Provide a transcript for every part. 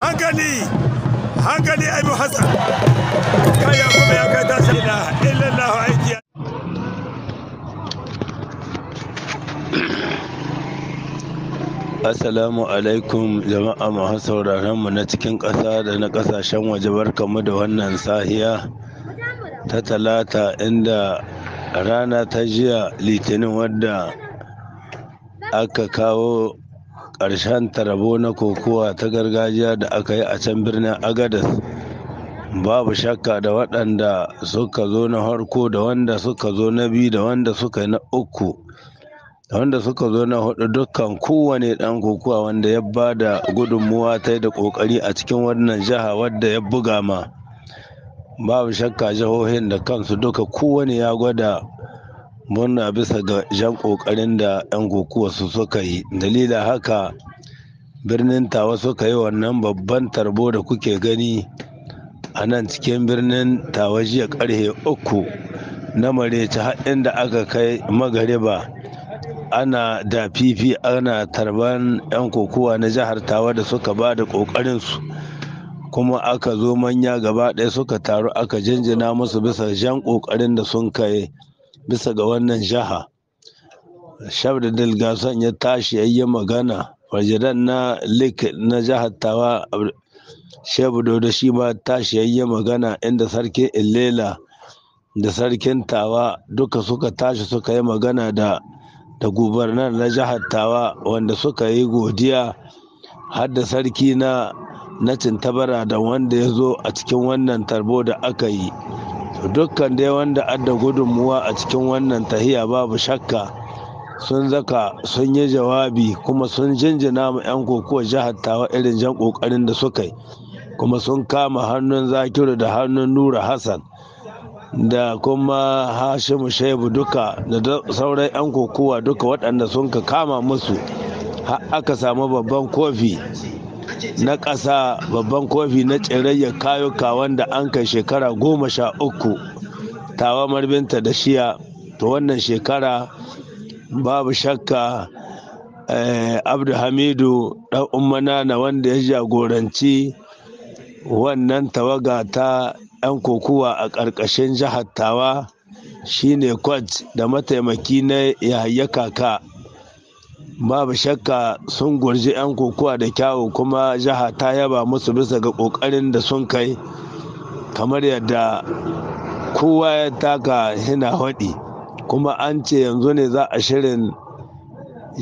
hankali hankali abu hassan kaya kuma ya kai tashi ila illallahu aiki Assalamu alaikum jama'a masu sauraron mu na cikin ƙasa da na ƙasashen waje barkamu da wannan sahiya ta talata inda rana ta jiya litinin wadda aka kawo ƙarshen tarabo na kokowa ta gargajiya da aka yi a can birnin agadas babu shakka da waɗanda suka zo na harko da wanda suka zo na biyu da wanda suka na uku da wanda suka zo na hudu dukkan kowane ɗan kokowa wanda ya ba da gudunmuwa ta yi da ƙoƙari a cikin wannan jiha wadda ya buga ma babu shakka jihohin da kansu duka kowane ya gwada murna bisa ga jan kokarin da 'yan kokuwa su suka yi dalila haka birnin tawa suka yi wannan babban tarbo da kuke gani a nan cikin birnin tawa jiya karhe uku na mareci haɗin da aka kai magariba ana da fifi ana tarban 'yan kokowa na jihar tawa da suka ba da ƙoƙarinsu kuma aka zo manya gaba ɗaya suka taru aka jinjina musu bisa jan ƙoƙarin da sun kai bisa ga wannan jaha shabdadil gasan ya tashi ya yi magana farjidan na lik na jihar tawa shebudo da shi ma tashi ya yi magana inda sarkin illela da sarkin tawa duka suka tashi suka yi magana da da gubernan na jihar tawa wanda suka yi godiya har da sarki na na cintabara da wanda ya zo a cikin wannan tarbo da aka yi dukkan dai wanda adda gudunmuwa a cikin wannan tahiya babu shakka sun zaka sun yi jawabi kuma sun jinjina ma 'yan kokowa jihar tawa irin jan kokarin da suka yi kuma sun kama hannun zakiru da hannun nura hassan da kuma hashimu shaibu duka da sauran 'yan kokowa duka waɗanda sun ka kama musu aka samu babban kofi na ƙasa babban kofi na tsirayyar kayuka wanda an kai shekara goma sha uku tawa marbinta da shiya to wannan shekara babu shakka eh, abdulhamidu dan umanana wanda ya jagoranci wannan tawaga ta 'yan kokuwa a ƙarƙashin jihar tawa shine kwat da mataimaki na yahaya ka. babu shakka sun gurji 'yan kokowa da kyawu kuma jiha ta yaba musu bisa ga kokarin da sun kai kamar yadda kowa ya taka hina haɗi kuma an ce yanzu ne za a shirin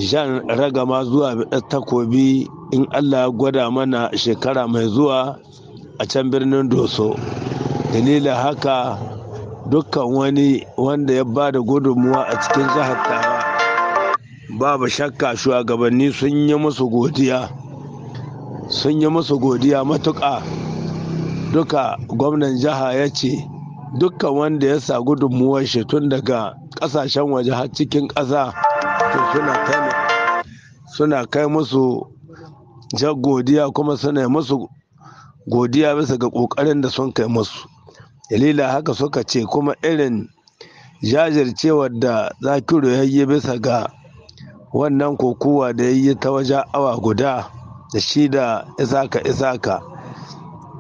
jan ragama zuwa takobi in allah ya gwada mana shekara mai zuwa a can birnin doso dalilin haka dukkan wani wanda ya ba da gudunmuwa a cikin jihar babu shakka shugabanni sun yi musu godiya sun yi musu godiya matuƙa duka gwamnan jiha ya ce dukkan wanda ya sa gudunmuwar shi tun daga ƙasashen waje har cikin ƙasa to suna suna kai musu jan godiya kuma suna musu godiya bisa ga ƙoƙarin da sun kai musu dalila haka suka ce kuma irin jajircewar da zakiru ya yi bisa ga wannan kokowa da ya yi ta wajen awa guda da shi da isaka isaka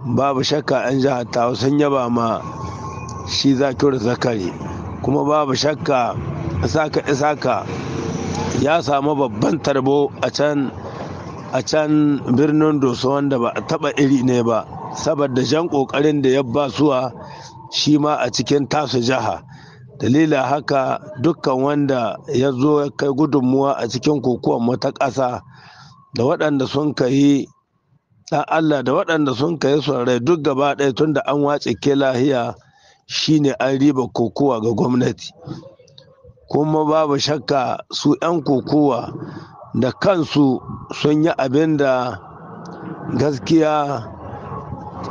babu shakka 'yan jihar tawa sun yaba ma shi zakiru zakari kuma babu shakka isaka isaka ya samu babban tarbo a can a can birnin doso wanda ba a taba iri ne ba saboda jan kokarin da ya ba suwa shi ma a cikin tasu jiha Dalilin haka dukkan wanda ya zo ya kai gudunmuwa a cikin kokuwan wata ƙasa da waɗanda sun ka yi ɗan Allah da waɗanda sun ka yi rai duk gaba ɗaya tun da an wace ke lahiya shine an riba kokowa ga gwamnati kuma babu shakka su 'yan kokowa da kansu sun yi abin da gaskiya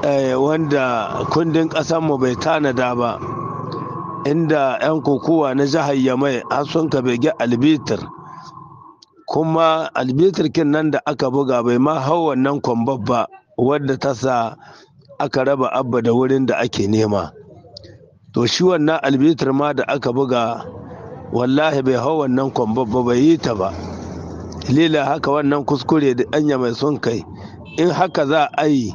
eh, wanda kundin ƙasanmu bai tanada ba inda 'yan kokowa na jihar yamai har sun ka bege albitir kuma albitir kin nan da aka buga bai ma hau wannan kwambar ba wadda ta sa aka raba abba da wurin da ake nema to shi wannan albitir ma da aka buga wallahi bai hau wannan kwambar ba bai yi ta ba lila haka wannan kuskure da yan yamai sun kai in haka za a yi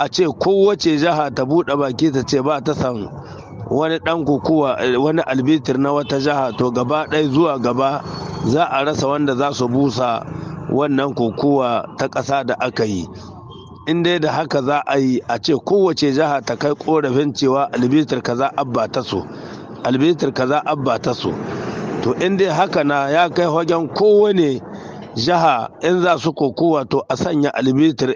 a ce kowace jiha ta buɗe baki ta ce ba ta san wani dan kukuwa eh, wani albitir na wata jiha to gaba ɗaya zuwa gaba za a rasa wanda za su busa wannan kukuwa ta ƙasa da aka yi in dai da haka za a yi a ce kowace jiha ta kai korafin cewa ka kaza abba ta albitir ka za abba ta su to in haka na ya kai wajen kowane jiha in za su kukuwa to a sanya albitir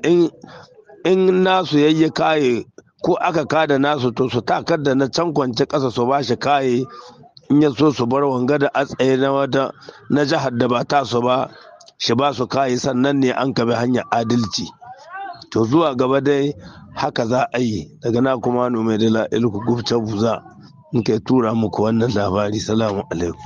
in nasu yayyaka ko aka ka da nasu to su takar da na can kwance ƙasa su ba shi kaye in ya so su bar wanga da atsaye na wata na jihar da ba ta su ba shi ba su kaye sannan ne an kabe hanyar adalci to zuwa gaba dai haka za a yi daga na kuma nome da la'ilku gubce buza in kai tura muku wannan labari salamu alaikum